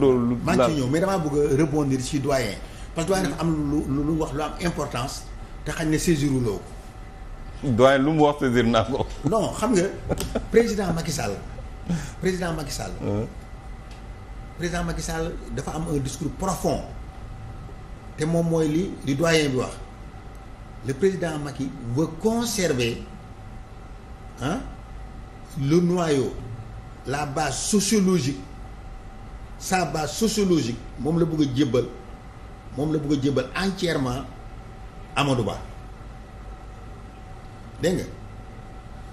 loolu. la maa ngi ñëw mais damaa bëgg repondir rebondir ci doyen. parce que doyen dafa am lu lu wax lu am importance te xañ ne saisiruloo ko. doyen lu mu wax saisir naa ko. non xam nga président Macky Sall président Macky Sall. président dafa am un discours profond te moom mooy li li doyen bi wax le président Macky veut conserver ah le noyau la base sociologique. sa base sociologique moom la bugg a jébbal moom la bugg a jébbal entièrement Amadou Ba dégg nga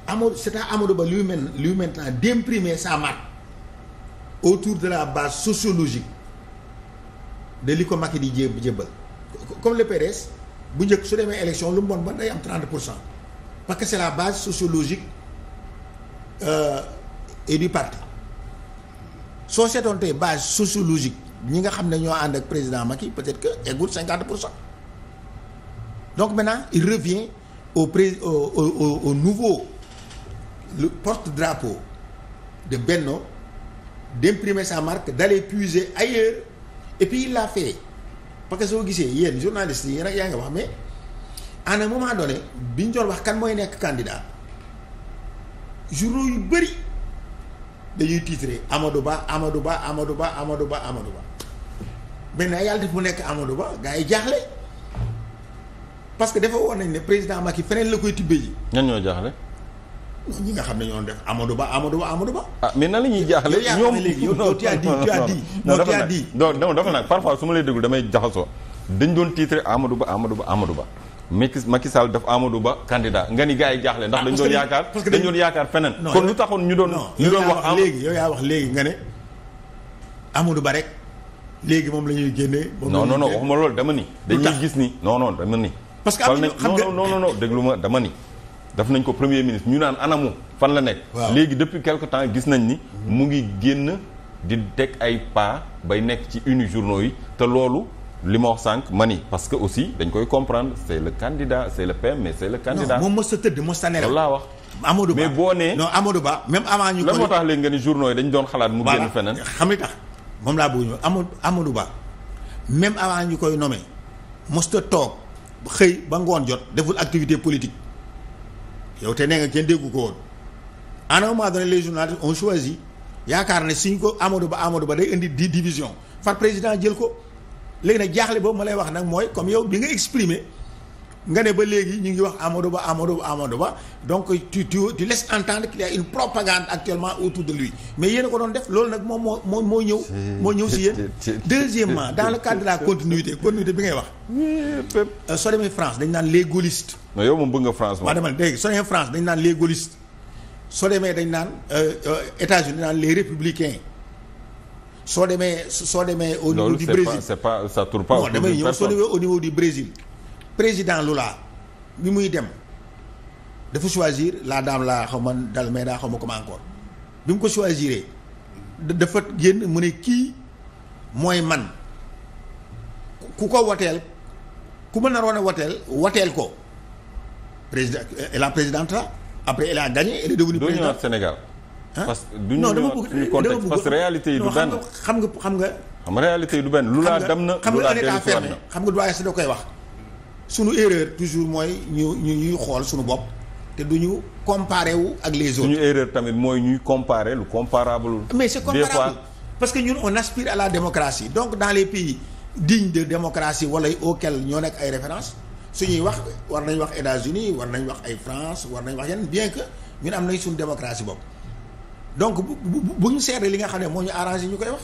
Amadou c'est à Amadou Ba lui maintenant lui maintenant d'imprimer sa marque autour de la base sociologique de li ko Macky di jé jébbal comme le PDS bu njëkk su demee élection lu mu ba bon day am 30 pour cent parce que c'est la base sociologique euh, et du parti soo seetoon tey base sociologique ñi nga xam ne ñoo ànd ak président Macky peut-être que eggul cinquante pour cent donc maintenant il revient au pré au, au, au nouveau le porte-drapeau de Benno d'imprimer sa marque d'aller puiser ailleurs et puis il l'a fait parce que soo gisee yéen journaliste yi yéen ak yaa ngi wax mais à un moment donné bi ñu doon wax kan mooy nekk candidat journaux yu bëri dañuy tiitrer Amadou Ba Amadou Ba Amadou Ba Amadou Ba Amadou Ba maintenant yàlla def mu nekk Amadou Ba gars yi jaaxle parce que dafa nañ ne président Macky feneen la koy tibbee ji. ñan ñoo jaaxle. ñi nga xam ne ñoo def Amadou Ba Amadou Ba Amadou Ba. ah mais na la ñuy jaaxle ñoom yow yow tu as dit tu as dit. non dafa nag non dafa nag parfois su lay déglu damay jaxasoo dañ doon tiitrer Amadou Ba Amadou Ba Ba. Macky Sall daf Amadou Ba candidat nga ni gaa yi jaaxle ndax ah, dañ doon yaakaar dañ doon yaakaar feneen kon lu taxoon ñu doon ñu doon wax léegi yow yaa wax léegi nga ne Amadou Ba rek léegi moom la ñuy génnee non non non waxuma loolu dama ni dañuy gis ni non non dama ni parce que am na xam nga non non lu déglu ma dama ni daf nañ ko premier ministre ñu naan anamu fan la nekk léegi depuis quelque temps gis nañ ni mhm. mu ngi génn di teg ay pas bay nekk ci uni journaux yi te loolu li ma wax sànq ma ni parce que aussi dañ koy comprendre c'est le candidat c'est le PM mais c'est le candidat moom mos a tëdd mos a nelaw laa wax Amadou Ba mais boo nee non Amadou Ba même avant ñu lan moo tax léegi nga ni journaux yi dañ doon xalaat mu génn feneen xam ni tax moom laa bëgg ñu Amadou Amadou Ba même avant ñu koy nommé mos a toog xëy ba ngoon jot deful activité politique yow te nee nga kenn déggu ko woon à un moment donné les journalistes ont choisi yaakaar ne suñ ko Amadou Ba Amadou Ba day indi dix division far président jël ko léegi nag jaaxle boobu ma lay wax nag mooy comme yow bi nga exprimer nga ne ba léegi ñu ngi wax Amadou Ba Amadou Ba Amadou donc tu tu tu laisses entendre qu'il y a une propagande actuellement autour de lui mais yéen a ko doon def loolu nag moom moo moo moo ñëw. moo ñëw si yéen. deuxièmement dans le cadre de la continuité continuité bi ngay wax. Euh, soo demee France dañ naan les gaullistes. non yow moom bëgg nga France moom. demal léegi soo demee France dañ naan les gaullistes soo demee dañ naan euh, euh, États-Unis dañ naan les républicains. soo demee soo demee au niveau du Brésil c'est pas ça tourne pas président Lula bi muy dem dafa choisir la dame la xaw ma dal mais daa xaw ma comment encore bi mu ko choisiree dafa génn mu ne kii mooy man ku ko woteel ku ma naroon a wateel woteel ko président et la présidente là après elle a gagné elle est devenue présidente Sénégal parce que du ñu suñu contexte parce que réalité yi du benn xam nga xam nga xam réalité yi du benn lu laa dem na lu laa dellu na xam nga doyen si da koy wax suñu erreur toujours mooy ñu ñu ñuy xool suñu bopp te du ñu comparé wu ak les autres. suñu tamit mooy ñuy comparé lu comparable. mais c'est parce que ñun on aspire à la démocratie donc dans les pays dignes de démocratie wala auxquels ñoo nekk ay références suñuy wax war nañu wax États-Unis war nañ wax ay France war nañ wax yenn bien que ñun am nañ suñu démocratie bopp. donc bu bu bu ñu seetee li nga xam ne moo ñu arrangé ñu koy wax.